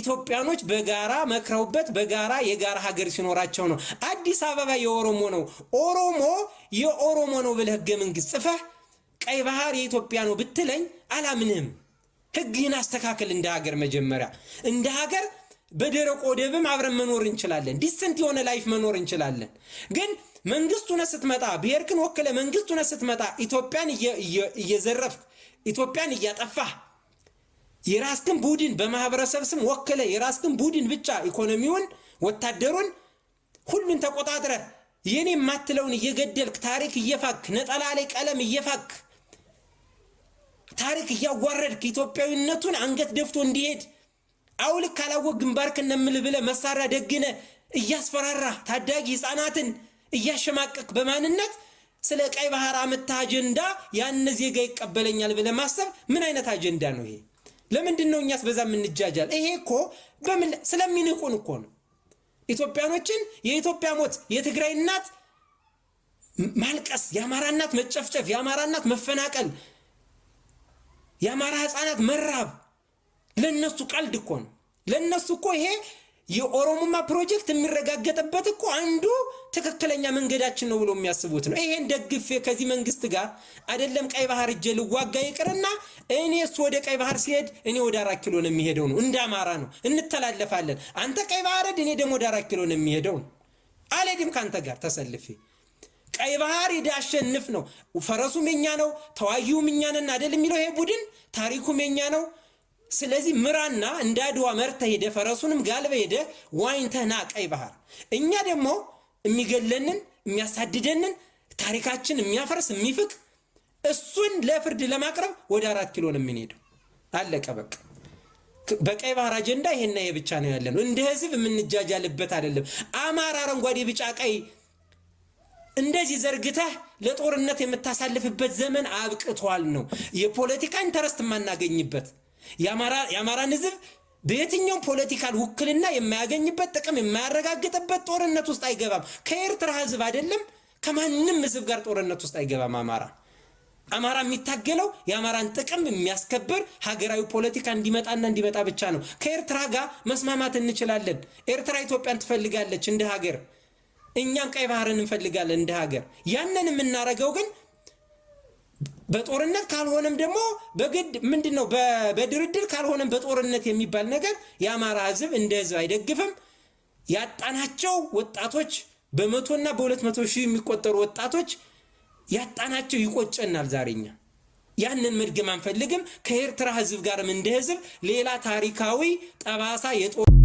ኢትዮጵያኖች በጋራ መክረውበት በጋራ የጋራ ሀገር ሲኖራቸው ነው። አዲስ አበባ የኦሮሞ ነው፣ ኦሮሞ የኦሮሞ ነው ብለህ ህገ መንግስት ጽፈህ ቀይ ባህር የኢትዮጵያ ነው ብትለኝ አላምንህም። ህግህን አስተካከል እንደ ሀገር መጀመሪያ እንደ ሀገር በደረቅ ወደብም አብረን መኖር እንችላለን። ዲሰንት የሆነ ላይፍ መኖር እንችላለን። ግን መንግስቱነ ስትመጣ ብሔርክን ወክለ መንግስቱነ ስትመጣ ኢትዮጵያን እየዘረፍ ኢትዮጵያን እያጠፋህ የራስክን ቡድን በማህበረሰብ ስም ወክለ የራስክን ቡድን ብቻ ኢኮኖሚውን፣ ወታደሩን፣ ሁሉን ተቆጣጥረ የኔ የማትለውን እየገደልክ ታሪክ እየፋክ ነጠላ ላይ ቀለም እየፋክ ታሪክ እያዋረድክ ኢትዮጵያዊነቱን አንገት ደፍቶ እንዲሄድ አውልክ ካላወቅ ግንባርክ እነምልህ ብለ መሳሪያ ደግነ እያስፈራራ ታዳጊ ህፃናትን እያሸማቀቅ በማንነት ስለ ቀይ ባህር አምታ አጀንዳ ያን ዜጋ ይቀበለኛል ብለ ማሰብ ምን አይነት አጀንዳ ነው ይሄ? ለምንድን ነው እኛስ በዛ የምንጃጃል? ይሄ እኮ በምን ስለሚንቁን እኮ ነው። ኢትዮጵያኖችን የኢትዮጵያ ሞት፣ የትግራይ እናት ማልቀስ፣ የአማራ እናት መጨፍጨፍ፣ የአማራ እናት መፈናቀል፣ የአማራ ህፃናት መራብ ለእነሱ ቀልድ እኮ ነው። ለእነሱ እኮ ይሄ የኦሮሞማ ፕሮጀክት የሚረጋገጥበት እኮ አንዱ ትክክለኛ መንገዳችን ነው ብሎ የሚያስቡት ነው። ይሄን ደግፌ ከዚህ መንግስት ጋር አይደለም ቀይ ባህር እጄ ልዋጋ ይቅርና እኔ እሱ ወደ ቀይ ባህር ሲሄድ እኔ ወደ አራት ኪሎ ነው የሚሄደው ነው። እንደ አማራ ነው እንተላለፋለን። አንተ ቀይ ባህር ሂድ፣ እኔ ደግሞ ወደ አራት ኪሎ ነው የሚሄደው ነው። አልሄድም ከአንተ ጋር ተሰልፌ ቀይ ባህር ሂድ አሸንፍ ነው። ፈረሱም የኛ ነው፣ ተዋጊውም እኛ ነን አይደል የሚለው ይሄ ቡድን ታሪኩም የኛ ነው ስለዚህ ምራና እንደ አድዋ መርተ ሄደ ፈረሱንም ጋልበ ሄደ ዋኝተህና ቀይ ባህር እኛ ደግሞ የሚገለንን የሚያሳድደንን ታሪካችን የሚያፈርስ የሚፍቅ እሱን ለፍርድ ለማቅረብ ወደ አራት ኪሎ ነው የምንሄደው። አለቀ በቃ። በቀይ ባህር አጀንዳ ይሄና ይሄ ብቻ ነው ያለነው። እንደ ህዝብ የምንጃጃልበት አይደለም። አማራ አረንጓዴ፣ ቢጫ፣ ቀይ እንደዚህ ዘርግተህ ለጦርነት የምታሳልፍበት ዘመን አብቅቷል ነው የፖለቲካ ኢንተረስት የማናገኝበት የአማራን ህዝብ በየትኛውም ፖለቲካል ውክልና የማያገኝበት ጥቅም የማያረጋግጥበት ጦርነት ውስጥ አይገባም። ከኤርትራ ህዝብ አይደለም ከማንም ህዝብ ጋር ጦርነት ውስጥ አይገባም። አማራ አማራ የሚታገለው የአማራን ጥቅም የሚያስከብር ሀገራዊ ፖለቲካ እንዲመጣና እንዲመጣ ብቻ ነው። ከኤርትራ ጋር መስማማት እንችላለን። ኤርትራ ኢትዮጵያን ትፈልጋለች እንደ ሀገር፣ እኛም ቀይ ባህርን እንፈልጋለን እንደ ሀገር። ያንን የምናረገው ግን በጦርነት ካልሆነም ደግሞ በግድ ምንድን ነው በድርድር ካልሆነም በጦርነት የሚባል ነገር የአማራ ህዝብ እንደ ህዝብ አይደግፍም። ያጣናቸው ወጣቶች በመቶና በሁለት መቶ ሺህ የሚቆጠሩ ወጣቶች ያጣናቸው ይቆጨናል። ዛሬኛ ያንን መድገም አንፈልግም። ከኤርትራ ህዝብ ጋርም እንደ ህዝብ ሌላ ታሪካዊ ጠባሳ የጦር